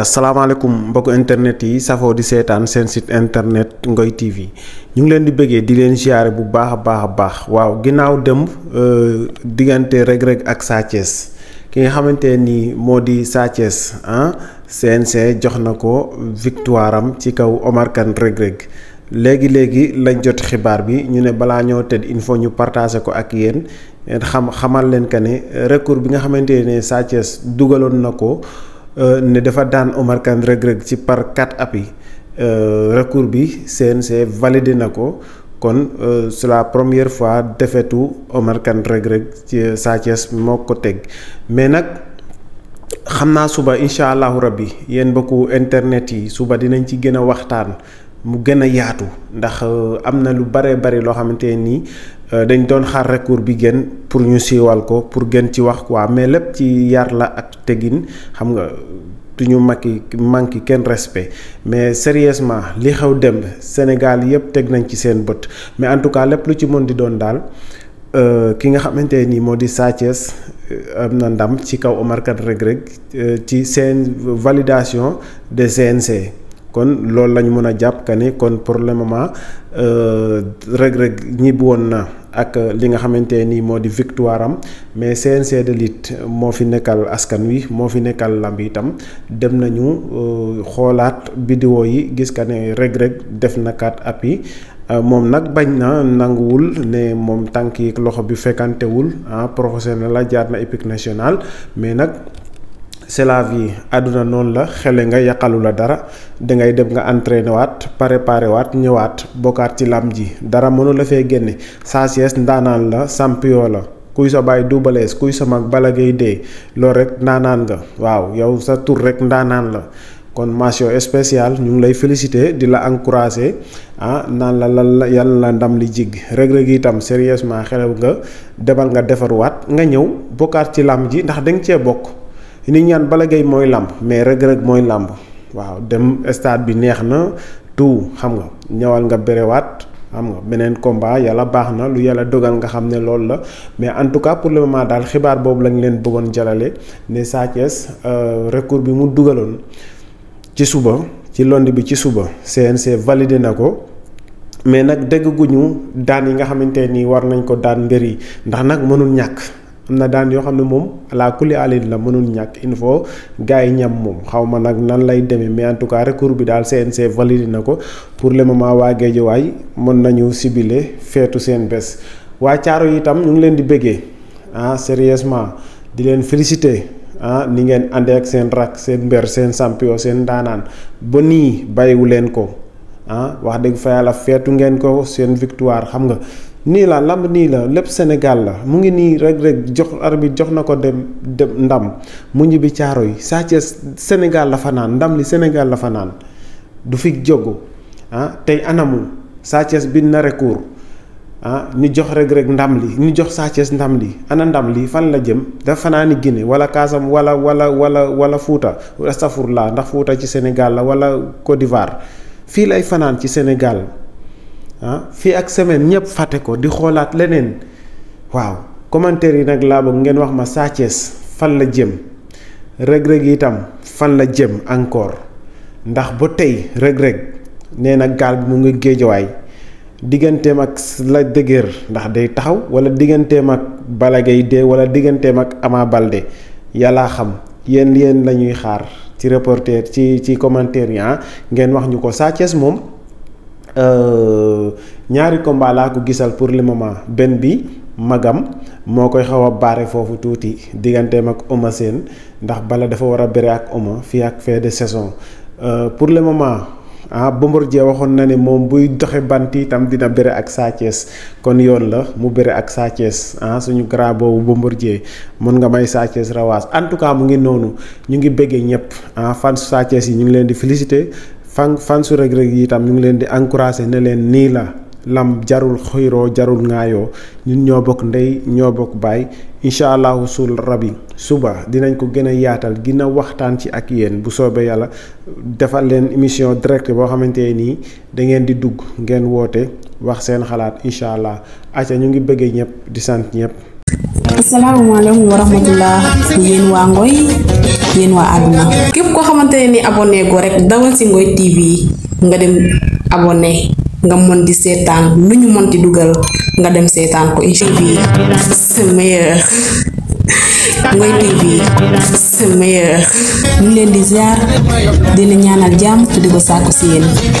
asalaamaaleykum mbokk internet yi safoo di seetaan seen sit internet Ngoy TV ñu ngi leen di bëggee di leen siyaare bu baax a baax a baax waaw ginnaaw dem euh, diggante Reug Reug ak Sa ki nga xamante ni moo di Sa Thiès ah CNC jox na ko victoire am ci kaw omarkan Kane Reug léegi léegi lañ jot xibaar bi ñu ne balaa ñoo tëdd il faut ñu partagé ko ak yéen xam xamal leen que ne recours bi nga xamante ne Sa dugaloon na ko. Euh, ne dafa daan Omar Kane Reug ci par quatre appuis euh, recours bi CNG validé na ko kon euh, c'est la première fois defetu Omar Kane Reug ci Sa Thiès moo ko teg mais nag xam naa suba incha allahu rabbi yéen mbokku internet yi suba dinañ ci gën a waxtaan. mu gëna yaatu ndax euh, amna lu bare bare lo xamante nii euh, dañ doon xaar cour bi gën pour ñu siwal ko pour gën ci wax quoi mais lepp ci yar la ak tegin xam nga duñu makki manki ken respect mais sérieusement li xew dem sénégal yépp teg nañ ci seen bët mais en tout cas lepp lu ci mën di doon euh ki nga xamante ni moo di Sathies euh, ndam ci kaw Omar Kane reg ci seen validation de CNC kon loolu lañ mën a jàpp que kon pour le moment euh, Reug Reug ñibbi woon na ak li nga xamante ni moo di victoire am mais CNC de lit moo fi nekkal askan wi moo fi nekkal lamb itam dem nañu euh, xoolaat vidéo yi gis ka ne Reug def na kat appui euh, moom nag bañ na nanguwul ne moom tànk yi loxo bi wul ah professionnel la jaar na épique national mais nag c'est la vie aduna non la xelé nga yaqalu la dara da ngay dem nga entraîner wat préparer wat ñëwaat bokkat ci lam ji dara mënu la fé génné sa sies ndanan la champion la kuy sa bay dubalees kuy sa mag balagay dé lo rek nanan nga waw yow sa tour rek ndanan la kon mention spéciale ñu ngi lay féliciter di la encourager ah nan la la yalla la ndam li jig reg reg itam sérieusement xelew nga débal nga défar wat nga ñëw bokkat ci lam ji ndax dang ci bokk ni ñaan bala gay moy lamb mais rëg rëg moy lamb waaw dem stade bi neex na tout xam nga ñëwal nga wat xam nga benen combat yalla baxna lu yalla dogal nga xamne lool la mais en tout cas pour le moment dal xibar bobu lañ leen bëggon jalale ne Sa Thiès euh, recours bi mu dugaloon ci suba ci londi bi ci suba CNC validé nako mais nak dégg guñu daan yi nga xamante ni war nañ ko daan ndax nak mënul ñak amna daan yo xamne mom ala kulli alin la mënul ñak il faut gaay ñam mom xawma nak nan lay démé mais en tout cas recours bi dal CNC valide nako pour le moment waa way mën nañu sibile feetu sen bes wa caaro itam ñu ngi leen di béggé ah sérieusement di leen féliciter ah ni ngeen andé ak sen rak sen ber sen sampio sen danan, boni nii leen ko ah wax dëgg fa yalla fétu ngeen ko sen victoire xam nga nii la lamb nii la lépp senegal la mu ngi nii rek rek jox arbitre jox na dem ndam mu ñibbi caaro yi Sa Thiès Sénégal la fa ndam li Senegal la fa naan du fi jógu ah tey Anamu, Sa Thiès bi na recours ah ñu jox rek rek ndam li ñu jox Sa Thiès ndam li ana ndam li fan la jëm dafa fanaani Guinée wala kaasam wala wala wala wala Fuuta astafurlaa ndax Fuuta ci Senegal. la wala Côte d'Ivoire fii lay fanaan ci Sénégal ah fii ak semaine ñëpp fàtte ko di xoolaat leneen waaw commentaire yi nag laa ngeen wax ma Sa fan la jëm rëg-rëg itam fan la jëm encore ndax ba tey rëg-rëg nee na gaal bi mu ngi géejawaay digganteem ak la dëgër ndax day taxaw wala digganteem ak bala Gaye de wala digganteem ak Ama Baldé yàllaa xam yéen yéen lañuy xaar ci reporter ci ci commentaire yi ah ngeen wax ñu ko Sa moom Euh, ñaari combat laa ko gisal pour le moment benn bi magam moo koy xaw a bari foofu tuuti digganteem ak Eumeu Sène ndax bala dafa war a bëre ak Eumeu fii ak fin de saison euh, pour le moment ah Bombardier waxoon na ne moom buy doxe bant itam dina bëre ak Sa kon yoon la mu bëre ak Sa Thiès ah suñu grand boobu Bombardier mun nga may Sa Thiès rawaas en tout cas mu ngi noonu ñu ngi bëggee ñëpp ah fans Sa yi ñu ngi leen di féliciter fan fan su Reug Reug yi itam ñu ngi leen di encouragé ne leen nii la lam jarul xiiroo jarul ŋaayoo ñu ñoo bokk ndey ñoo bokk baay incha allahu suul rabi suba dinañ ko gën a yaatal gën a waxtaan ci ak yéen bu soobee yàlla defal leen émission directe boo xamante nii da ngeen di dugg ngeen woote wax seen xalaat incha allah aca ñu ngi bëggee ñëpp di sant ñëpp asalaamaaleykum wa rahmatullah yéen waa Ngoy yéen waa àdduna képp koo xamante ni abonné go rek dawal si Ngoy TV nga dem abonné nga mën di seetaan lu ñu mën di dugal nga dem seetaan ko incha allah c'est meilleur Ngoy TV c'est meilleur leen di ziar dina ñaanal jàmm te di ko saaku si yéen.